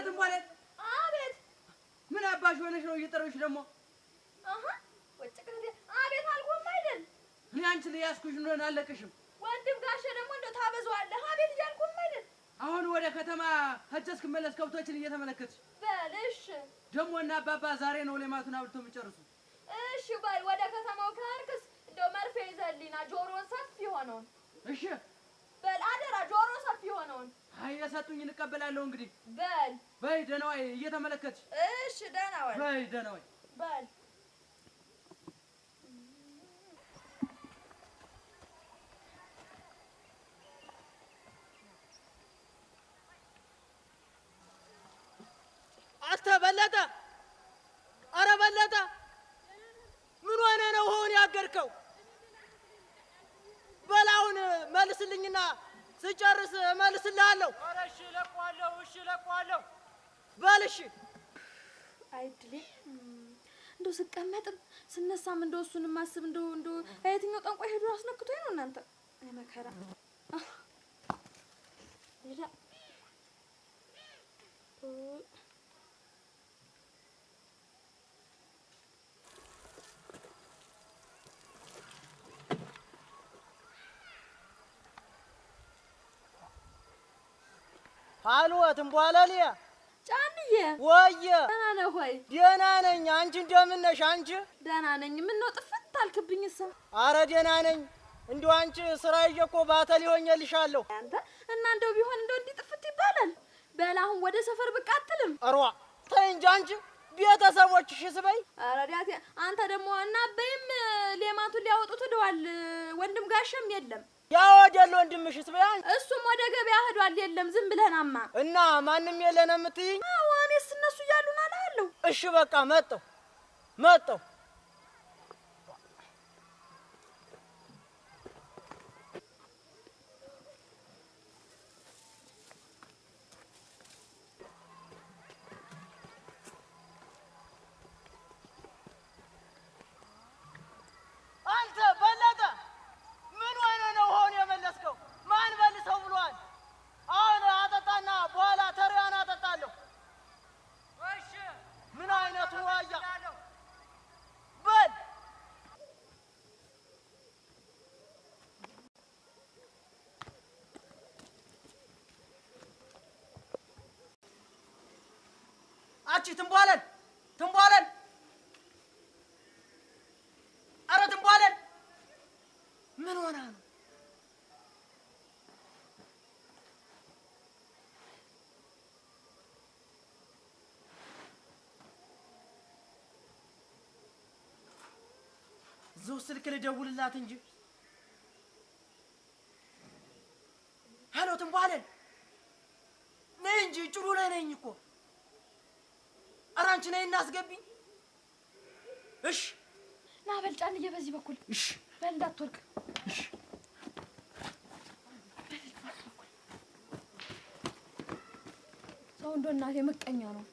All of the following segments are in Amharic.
የለህትም ማለት? አቤት። ምን አባሽ ሆነሽ ነው እየጠረሽ ደግሞ? አሃ ወጭ ቅንዴ። አቤት አልኩም አይደል? እኔ አለቅሽም። ወንድም ደግሞ እንደው ታበዛዋለህ። አቤት እያልኩም አይደል? አሁን ወደ ከተማ ሂጅ እስክመለስ ከብቶችን እየተመለከትሽ በልሽ። ደግሞ እና አባባ ዛሬ ነው ሌማቱን አብልቶ የሚጨርሱ። እሺ በል ወደ ከተማው ከርክስ እንደው መርፌ ጆሮን ሰፊ የሆነውን እሺ የሰጡኝ እንቀበላለሁ። እንግዲህ በል በይ፣ ደህና ዋይ። እየተመለከትሽ እሺ፣ ደህና ዋይ በይ፣ ደህና ዋይ በል አንተ በለጠ፣ ኧረ በለጠ፣ ምን ሆነ ነው ሆን ያገርከው? በላውን መልስልኝና ስጨርስ እመልስልሃለሁ። ኧረ እሺ እለቀዋለሁ። እሺ እለቀዋለሁ። በል እሺ። አይ እድሌ፣ እንደው ስቀመጥም ስነሳም እንደው እሱን ማስብ እንደው እንደው የትኛው ጠንቋይ ሄዶ አስነክቶኝ ነው እናንተ? መከራ። ሌላ አልወትም በኋላ እምቧለሌ ጫንዬ ወየ ደህና ነህ ወይ? ደህና ነኝ። አንቺ እንደምን ነሽ? አንቺ ደህና ነኝ። ምን ነው ጥፍት አልክብኝ? ሰው አረ ደህና ነኝ። እንዲሁ አንቺ ስራ ይዤ እኮ ባተ ሊሆኝልሻለሁ። አንተ እና እንደው ቢሆን እንደው እንዲህ ጥፍት ይባላል። በል አሁን ወደ ሰፈር ብቅ አትልም? እሯ ተይ እንጂ አንቺ ቤተሰቦችሽ ስበይ። ኧረ ዳቴ አንተ ደግሞ እና በይም ሌማቱን ሊያወጡት ሄደዋል። ወንድም ጋሸም የለም ያው ወደል ወንድምሽ ስበይ። እሱም ወደ ገበያ ሄዷል። የለም ዝም ብለናማ እና ማንም የለን የምትይኝ? እኔስ እነሱ እያሉን አላለሁ። እሺ በቃ መጣሁ መጣሁ እባክህ ትንቧለን ትንቧለን፣ አረ ትንቧለን። ምን ሆና ነው? እዚሁ ስልክ ልደውልላት እንጂ። ሄሎ ትንቧለን፣ ነይ እንጂ ጭሩ ላይ ነኝ እኮ ኧረ አንቺ ነይ እና እሺ ና በልጫን ጫንዬ፣ በዚህ በኩል እሺ በል እንዳትወልቅ። እሺ ሰው እንደ እናቴ ምቀኛ ነው።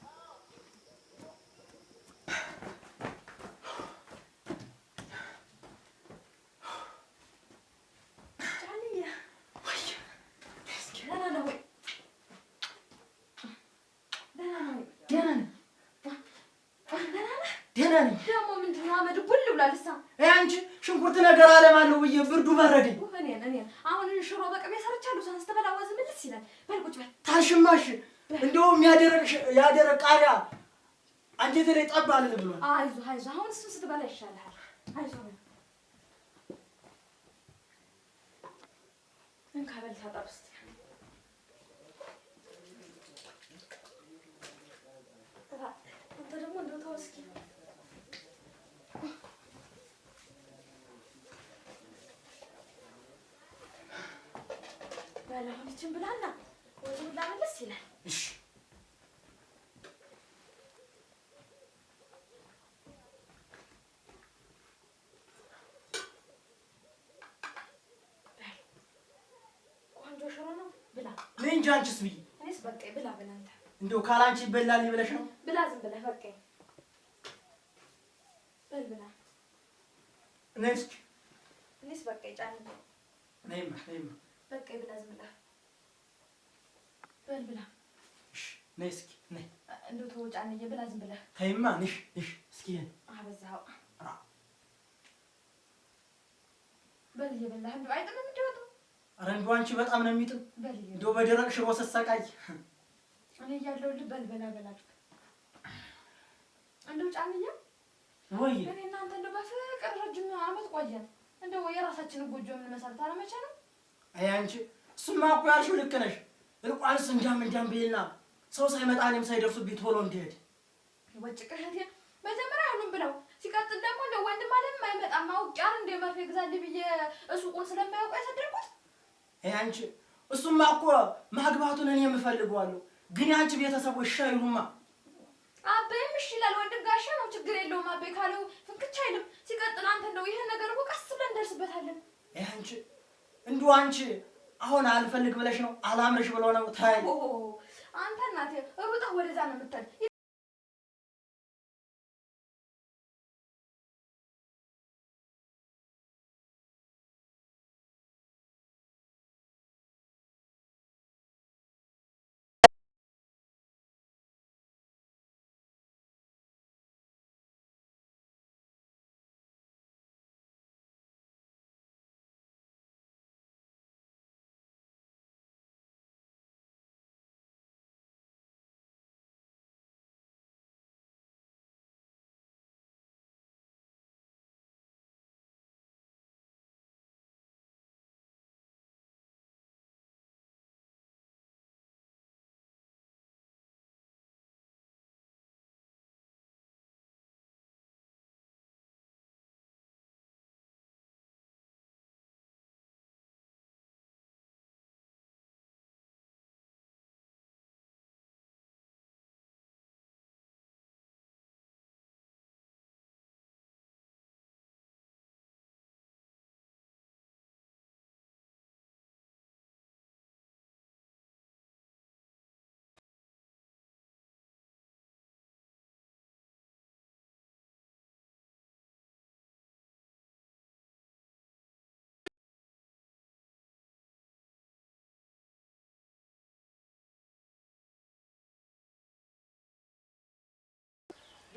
ደህና ነኝ። ደግሞ ምንድን ነው አመድ ቡል ብሏል። እሳ አንቺ ሽንኩርት ነገር አለማለሁ ብዬ ብርዱ በረደኝ። እኔን እኔን አሁን ሽሮ በቅቤ ሰርቻለሁ። ሳንስ ተበላ ወዝ ምልስ ይላል። በል ቁጭ በል ታልሽማሽ። እንደውም ያደረግ ያደረግ ቃሪያ አንጀቴ ላይ ጠብ አልል ብሏል። አይዞ አይዞ፣ አሁን እሱን ስትበላ ይሻልሃል። አይዞ እንካ በል ደግሞ እንደው ተው እስኪ ያችን ብላና ወደ ሁላ መለስ ይላል። እሺ ቆንጆ እንጂ አንቺስ እኔስ በቃ ብላ ብላ አንተ እንደው ካላንቺ ይበላል ብለሽ ነው? ብላ ዝም ብለህ በቃ በል ብላ። እኔ ነይ እስኪ ነይ። እንደው ተወው ጫንዬ ብላ ዝም ብለህ ተይማ። ነሽ ነሽ እስኪ አበዛኸው። በል እየበላህ እንደው አይጥምም እንደው ኧረ እንደው አንቺ በጣም ነው የሚጥም። እንደው በደረቅ ሽሮ ስትሰቃይ እኔ እያለሁልህ በል በላ በላ። እንደው ጫንዬ ወይ እኔ እናንተ እንደው በፍቅር ረጅም ዓመት ቆየን። እንደው የራሳችንን ጎጆ የምንመሰርት አለመቼ ነው? አይ አንቺ እሱማ እኮ ያልሽው ልክ ነሽ። እልቋንስ እንዳም እንዳም ብዬሽ እና ሰው ሳይመጣ እኔም ሳይደርሱብኝ ቶሎ እንዲሄድ ወጭ ቀህቴ መጀመሪያ አሁንም ብለው ሲቀጥል ደግሞ እንደ ወንድም አለም አይመጣም አውቄ አይደል እንደ መርፌ ግዛል ብዬ እሱቁን ስለማያውቁ ያሰደርኩት። ይሄ አንቺ እሱማ እኮ ማግባቱን እኔ የምፈልገዋለሁ፣ ግን የአንቺ ቤተሰቦች እሺ አይሉማ። አበይም እሺ ይላል ወንድም ጋሻ ነው ችግር የለውም አበይ ካለው ፍንክቻ አይልም። ሲቀጥል አንተ እንደው ይህን ነገር እኮ ቀስ ብለን እንደርስበታለን። ይሄ አንቺ እንዲሁ አንቺ አሁን አልፈልግ ብለሽ ነው አላምርሽ ብሎ ነው ታይ አንተ እናቴ ሩጠህ ወደዛ ነው የምትሄድ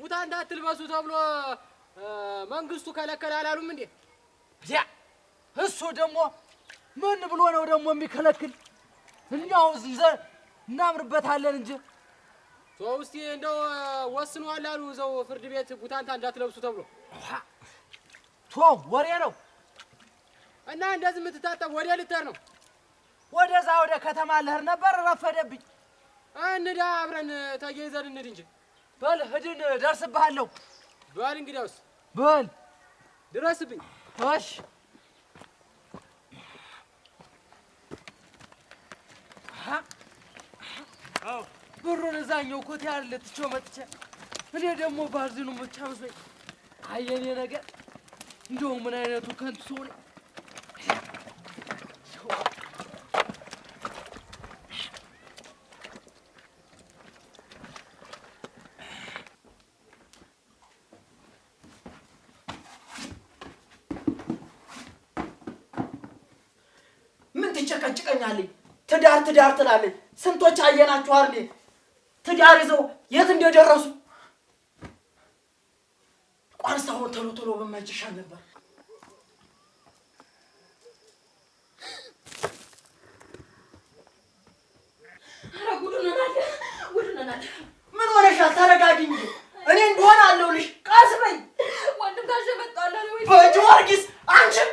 ሙታን አትልበሱ ተብሎ መንግስቱ ከለከለ አላሉም እንዴ? እዚያ እሱ ደግሞ ምን ብሎ ነው ደግሞ የሚከለክል? እኛው ይዘን እናምርበታለን እንጂ ሰው እንደው ወስኗል አሉ እዛው ፍርድ ቤት ቡታንታ እንዳትለብሱ ተብሎ ቶ ወሬ ነው እና እንደዚህ የምትታጠብ ወደ ልተር ነው። ወደዛ ወደ ከተማ ልሄድ ነበር፣ ረፈደብኝ። እንዳ አብረን ተያይዘን እንሂድ እንጂ በል ሂድን ደርስብሃለሁ። በል እንግዲያውስ በል ድረስብኝ። እሺ ብሩን እዛኛው ኮቴ ያለ ትቼው መጥቼ እኔ ደግሞ ባርዚኑ ብቻ መስሎኝ አየኔ ነገር እንደው ምን አይነቱ ከንቱ ሰው ነኝ። ትጨቀጭቀኛለች። ትዳር ትዳር ትላለች። ስንቶች አየናችሁ አይደል? ትዳር ይዘው የት እንደደረሱ ቋንስ አሁን ቶሎ ቶሎ ነበር። ምን ሆነሻል? ተረጋጊ እንጂ እኔ እንደሆነ አለሁልሽ። በይ ወንድም ጋር ዘመጣለሁ አንቺም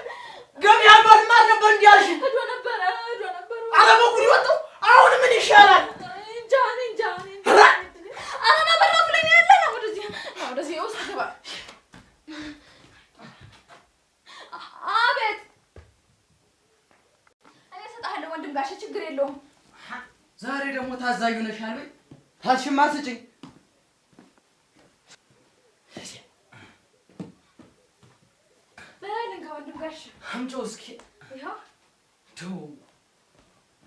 ጋሽ አምጪው እስኪ። እንደው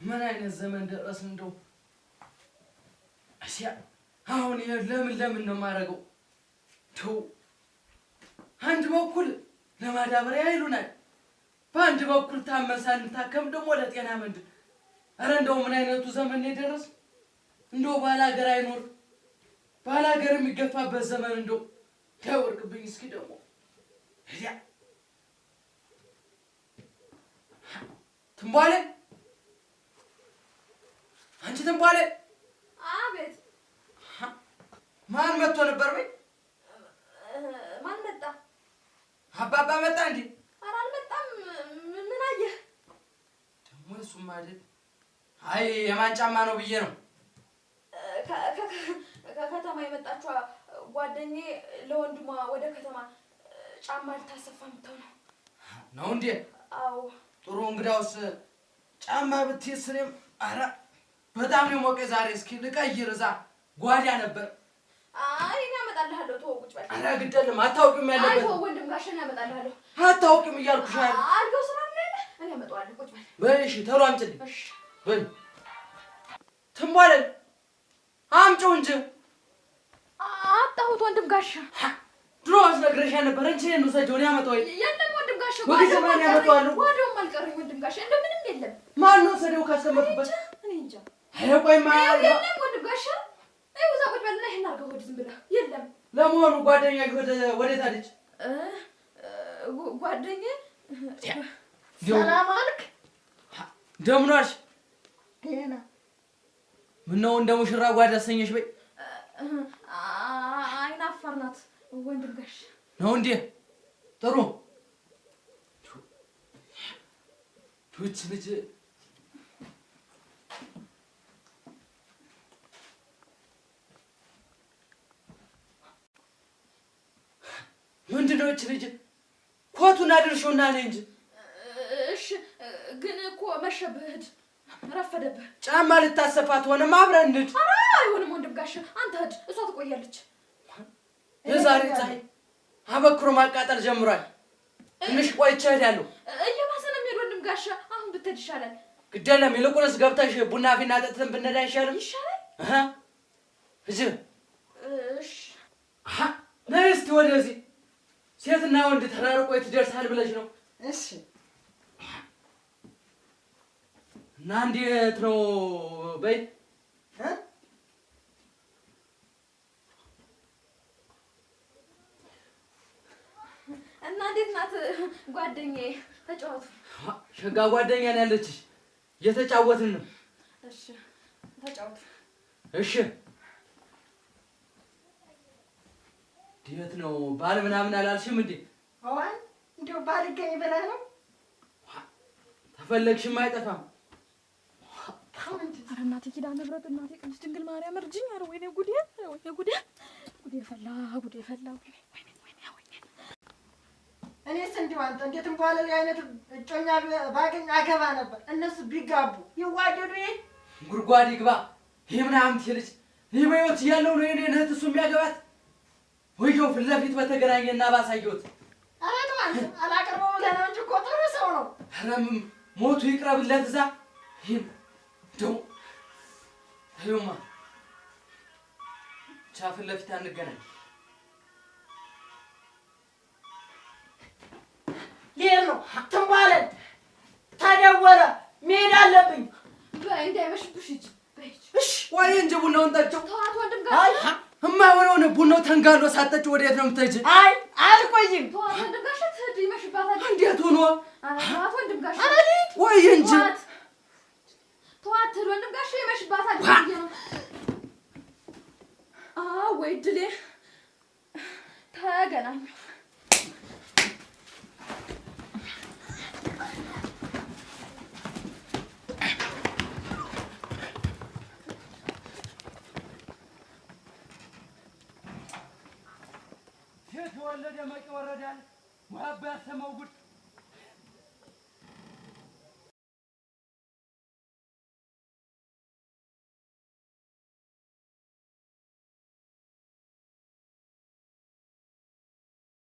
ምን አይነት ዘመን ደረስን። እንደው እስያ አሁን ለምን ለምን ነው የማደርገው? እንደው አንድ በኩል ለማዳበሪያ ይሉናል፣ በአንድ በኩል ታመን ሳንታከም ደግሞ ለጤና ምንድን? እረ እንደው ምን አይነቱ ዘመን ነው የደረስ እንደው ባለ ሀገር አይኖር ባለ የሚገፋበት ዘመን እንደው ያወርቅብኝ እስኪ ደግሞ ትንባለ አንቺ ትንባለ። አቤት። ማን መጥቶ ነበር? ወይ ማን መጣ? አባባ መጣ እንዴ? ኧረ አልመጣም። ምን አየህ ደግሞ? እሱም አይደል። አይ የማን ጫማ ነው ብዬ ነው። ከከተማ የመጣችዋ ጓደኛዬ ለወንድሟ ወደ ከተማ ጫማ ልታሰፋ ምተው ነው ነው እንዴ? አዎ ጥሩ እንግዳውስ ጫማ ብትይ ስሬም አረ በጣም ነው ሞቀ ዛሬ። እስኪ ልቀይር። እዛ ጓዳ ነበር። አይ እኔ አመጣልሃለሁ። ተወው፣ ቁጭ በል። አረ ግደልም አታውቂም። ያለበት አይ ተወው ወንድም ጋሽ እኔ አመጣልሃለሁ። አታውቅም እያልኩሽ አይደል? አልገው ስራ ምን ያለ እኔ አመጣዋለሁ። ቁጭ በል በል። እሺ ተሎ አምጪልኝ። እሺ በል ትንቧለን አምጪው እንጂ አጣሁት። ወንድም ጋሽ ድሮ አስነግረሽ ነበር እንቺ ነው ሰጆ ነው ያመጣው የለም ወደ ሰማን ያመጣዋል። ወደውም አልቀረኝ ወንድም ጋሽ እንደው የለም። ማን ነው ሰደው ካስቀመጡበት? እኔ እንጃ። ኧረ ቆይማ የለም ወንድም ጋሽ ይኸው እዛ ቁጭ በልና ይሄን አድርገው ወደ ዝም ብለህ የለም። ለመሆኑ ጓደኛ ወደ ወዴት አለች? ጓደኛ ሰላም አልክ? እንደምን ዋልሽ? ደህና። ምነው እንደ ሙሽራ ጓዳ ሰኘሽ በይ። አይናፋር ናት ወንድም ጋሽ ነው እንዴ? ጥሩ 도대체 이제 ምንድነው? እች ልጅ ኮቱን አድርሾና ነኝ እንጂ። እሺ፣ ግን እኮ መሸብህድ ረፈደብህ። ጫማ ልታሰፋት ሆነ አብረን እንሂድ። ኧረ አይሆንም ወንድም ጋሽ፣ አንተ ሂድ፣ እሷ ትቆያለች። የዛሬ ፀሐይ አበክሮ ማቃጠል ጀምሯል። ትንሽ ቆይቼ እሄዳለሁ። እየባሰ ነው የሚሄድ ወንድም ጋሽ ብትሄድ ይሻላል። ግድ የለም ይልቁንስ ገብተሽ ቡና ፊና ጠጥተን ብንሄድ አይሻልም? ይሻላል። እዚህ ነይ እስኪ ወደዚህ። ሴትና ወንድ ተራርቆ ትደርሳል ይደርሳል ብለሽ ነው? እሺ። እና እንዴት ነው በይ እና እንዴት ናት ጓደኛዬ? ተጫወቱ። ሸጋ ጓደኛ ነው ያለችሽ። እየተጫወትን ነው። እሺ ተጫወቱ። እሺ ድየት ነው ባል ምናምን አላልሽም እንዴ? አዋን እንዲያው ባል ይገኝ ብለህ ነው ተፈለግሽም አይጠፋም። ኧረ እናቴ ኪዳነ ምሕረት እናቴ ቅድስት ድንግል ማርያም እርጅኝ! ኧረ ወይኔ ጉዴ! ወይኔ ጉዴ! ጉዴ ፈላ ጉዴ ፈላ ወይኔ እኔስ እንዲሁ አንተ እንዴት እንኳን ላይ አይነት እጮኛ ባገኝ አገባ ነበር። እነሱ ቢጋቡ ይዋደዱ። ይሄ ጉድጓድ ይግባ። ይህ አምት ይልጭ ይህ በሕይወት እያለው ነው የኔ እህት እሱ የሚያገባት ወየው። ፊት ለፊት በተገናኘና ባሳየሁት አረቱ አንተ አላቀርበው ለነው እንጂ እኮ ጥሩ ሰው ነው። ረም ሞቱ ይቅረብለት። እዛ ይህም ደው ይሁማ ቻ ለፊት አንገናኝ ሄር ነው ትንባለ ተደወለ መሄድ አለብኝ። ወይ እንጂ ቡናውን ጠጪው። ተዋት ነው። ቡናው ተንጋሎ ሳጠጪው ወዴት ነው የምትሄጂው? አይ አልቆይም። እንዴት ሆኖ? ወይ እንጂ ተዋት ወንድም ጋር ይመሽባታል። ወይ ድሌ ተገናኙ